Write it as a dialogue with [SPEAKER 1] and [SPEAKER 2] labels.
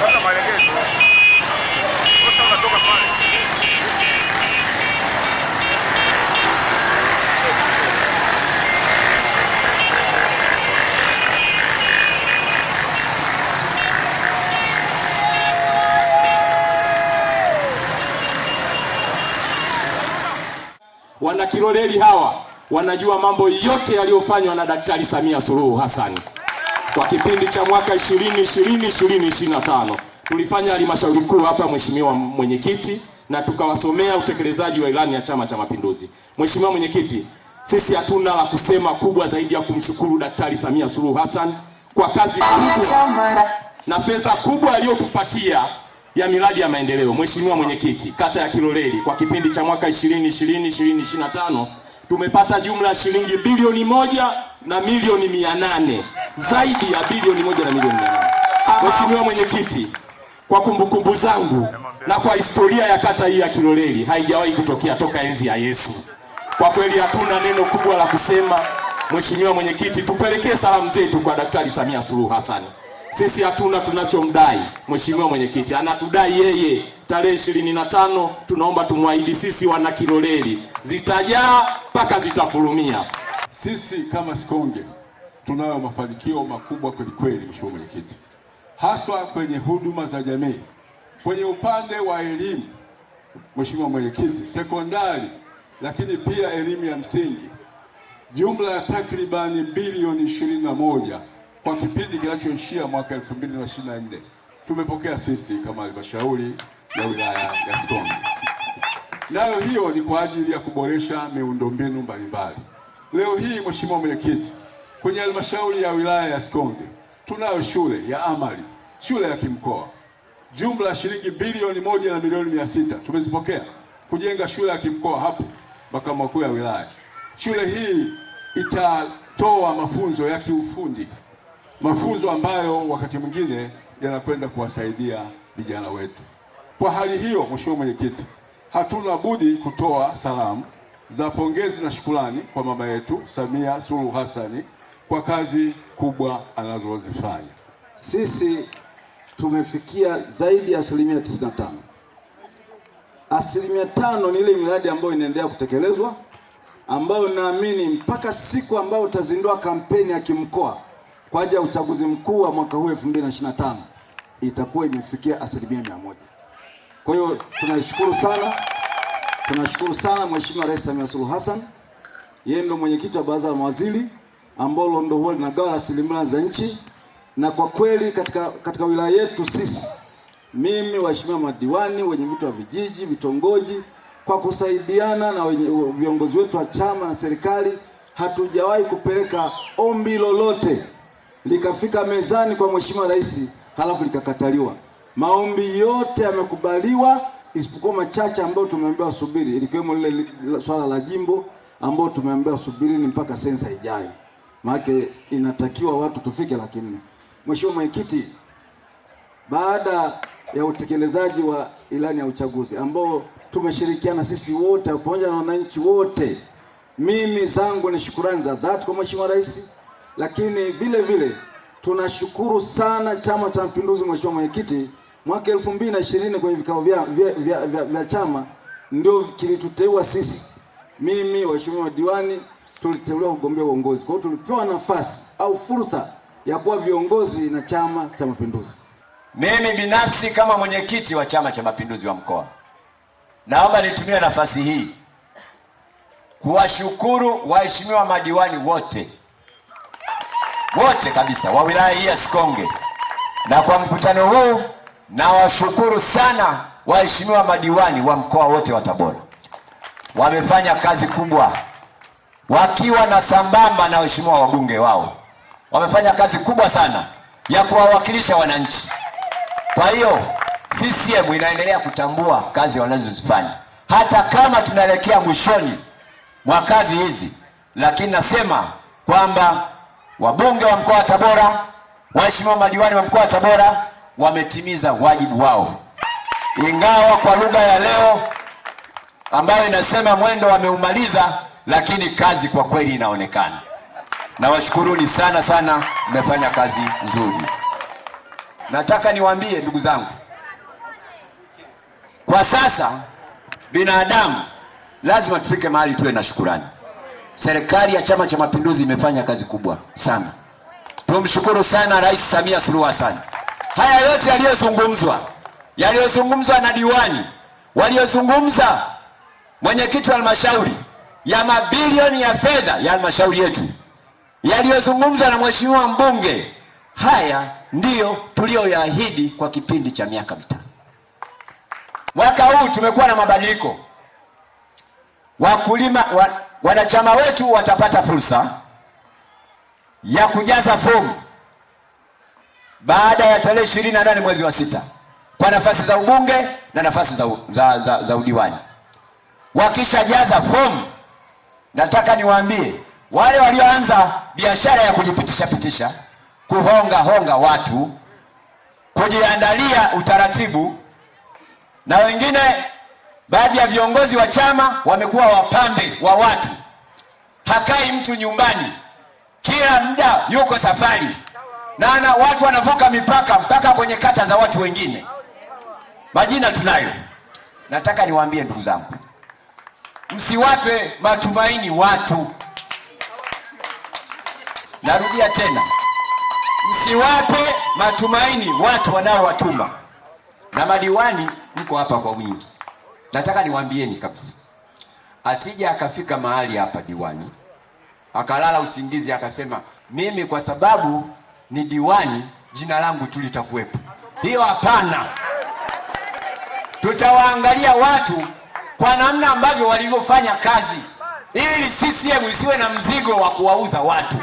[SPEAKER 1] Sasa Wanakiloleli hawa wanajua mambo yote yaliyofanywa na Daktari Samia Suluhu Hassani kwa kipindi cha mwaka 2020 2025 tulifanya halmashauri kuu hapa, mheshimiwa mwenyekiti, na tukawasomea utekelezaji wa ilani ya Chama cha Mapinduzi. Mheshimiwa mwenyekiti, sisi hatuna la kusema kubwa zaidi ya kumshukuru Daktari Samia Suluhu Hassan kwa kazi kubwa na fedha kubwa aliyotupatia ya miradi ya maendeleo. Mheshimiwa mwenyekiti, kata ya Kiloleli kwa kipindi cha mwaka 2020 2025 tumepata jumla ya shilingi bilioni moja na milioni mia nane zaidi ya bilioni moja na milioni nane. Mheshimiwa Mwenyekiti, kwa kumbukumbu zangu na kwa historia ya kata hii ya Kiloleli haijawahi kutokea toka enzi ya Yesu. Kwa kweli hatuna neno kubwa la kusema. Mheshimiwa Mwenyekiti, tupelekee salamu zetu kwa Daktari Samia Suluhu Hassan. Sisi hatuna tunachomdai Mheshimiwa Mwenyekiti, anatudai yeye. Tarehe ishirini na tano tunaomba tumwahidi sisi wana Kiloleli zitajaa mpaka zitafurumia.
[SPEAKER 2] Sisi kama Sikonge tunayo mafanikio makubwa kweli kweli, mheshimiwa mwenyekiti, haswa kwenye huduma za jamii. Kwenye upande wa elimu, mheshimiwa mwenyekiti, sekondari, lakini pia elimu ya msingi, jumla ya takribani bilioni 21 kwa kipindi kinachoishia mwaka 2024 tumepokea sisi kama halmashauri ya wilaya ya Sikonge, nayo hiyo ni kwa ajili ya kuboresha miundombinu mbalimbali. Leo hii mheshimiwa mwenyekiti Kwenye halmashauri ya wilaya ya Sikonge tunayo shule ya amali, shule ya kimkoa, jumla ya shilingi bilioni moja na milioni mia sita tumezipokea kujenga shule ya kimkoa hapo makao makuu ya wilaya. Shule hii itatoa mafunzo ya kiufundi, mafunzo ambayo wakati mwingine yanakwenda kuwasaidia vijana wetu. Kwa hali hiyo, Mheshimiwa Mwenyekiti, hatuna budi kutoa salamu za pongezi na shukrani kwa mama yetu Samia Suluhu Hassani kwa kazi kubwa anazozifanya.
[SPEAKER 3] Sisi tumefikia zaidi ya asilimia 95 Asilimia tano ni ile miradi ambayo inaendelea kutekelezwa, ambayo naamini mpaka siku ambayo utazindua kampeni ya kimkoa kwa ajili ya uchaguzi mkuu wa mwaka huu 2025 itakuwa imefikia asilimia mia moja. Kwa hiyo tunashukuru sana, tunashukuru sana Mheshimiwa Rais Samia Suluhu Hassan, yeye ndio mwenyekiti wa baraza la mawaziri ambalo ndio huwa linagawa rasilimali za nchi, na kwa kweli katika, katika wilaya yetu sisi, mimi waheshimiwa madiwani, wenye vitu wa vijiji, vitongoji, kwa kusaidiana na wenye, viongozi wetu wa chama na serikali hatujawahi kupeleka ombi lolote likafika mezani kwa Mheshimiwa Rais halafu likakataliwa. Maombi yote yamekubaliwa isipokuwa machache ambayo tumeambiwa subiri, ilikiwemo lile swala la jimbo ambayo tumeambiwa subiri ni mpaka sensa ijayo maana inatakiwa watu tufike laki nne. Mheshimiwa Mwenyekiti, baada ya utekelezaji wa ilani ya uchaguzi ambao tumeshirikiana sisi wote pamoja na wananchi wote, mimi zangu ni shukurani za dhati kwa Mheshimiwa Rais, lakini vile vile tunashukuru sana Chama cha Mapinduzi. Mheshimiwa Mwenyekiti, mwaka elfu mbili na ishirini kwenye vikao vya, vya, vya, vya, vya chama ndio kilituteua sisi, mimi waheshimiwa diwani tuliteuliwa kugombea uongozi. Kwa hiyo tulipewa nafasi au fursa ya kuwa viongozi na Chama cha Mapinduzi.
[SPEAKER 4] Mimi binafsi kama mwenyekiti wa Chama cha Mapinduzi wa mkoa, naomba nitumie nafasi hii kuwashukuru waheshimiwa madiwani wote wote kabisa wa wilaya hii ya Sikonge, na kwa mkutano huu nawashukuru sana waheshimiwa madiwani wa mkoa wote wa Tabora, wamefanya kazi kubwa wakiwa na sambamba na waheshimiwa wabunge wao, wamefanya kazi kubwa sana ya kuwawakilisha wananchi. Kwa hiyo CCM inaendelea kutambua kazi wanazozifanya, hata kama tunaelekea mwishoni mwa kazi hizi, lakini nasema kwamba wabunge wa mkoa wa Tabora, waheshimiwa madiwani wa mkoa wa Tabora wametimiza wajibu wao, ingawa kwa lugha ya leo ambayo inasema mwendo wameumaliza lakini kazi kwa kweli inaonekana. Nawashukuruni sana sana, mmefanya kazi nzuri. Nataka niwaambie ndugu zangu, kwa sasa binadamu lazima tufike mahali tuwe na shukurani. Serikali ya Chama cha Mapinduzi imefanya kazi kubwa sana, tumshukuru sana Rais Samia Suluhu Hassan. Haya yote yaliyozungumzwa, yaliyozungumzwa na diwani, waliozungumza mwenyekiti wa halmashauri ya mabilioni ya fedha ya halmashauri yetu yaliyozungumzwa na mheshimiwa mbunge, haya ndiyo tuliyoyaahidi kwa kipindi cha miaka mitano. Mwaka huu tumekuwa na mabadiliko. Wakulima wa, wanachama wetu watapata fursa ya kujaza fomu baada ya tarehe ishirini na nane mwezi wa sita kwa nafasi za ubunge na nafasi za, za, za, za udiwani. Wakishajaza fomu Nataka niwaambie wale walioanza biashara ya kujipitisha pitisha, kuhonga honga watu, kujiandalia utaratibu, na wengine baadhi ya viongozi wa chama wamekuwa wapambe wa watu. Hakai mtu nyumbani, kila muda yuko safari na ana, watu wanavuka mipaka mpaka kwenye kata za watu wengine, majina tunayo. Nataka niwaambie ndugu zangu, msiwape matumaini watu. Narudia tena, msiwape matumaini watu wanaowatuma. Na madiwani mko hapa kwa wingi, nataka niwaambieni kabisa, asije akafika mahali hapa diwani akalala usingizi akasema, mimi kwa sababu ni diwani jina langu tu litakuwepo. Hiyo hapana, tutawaangalia watu kwa namna ambavyo walivyofanya kazi, ili CCM isiwe na mzigo wa kuwauza watu.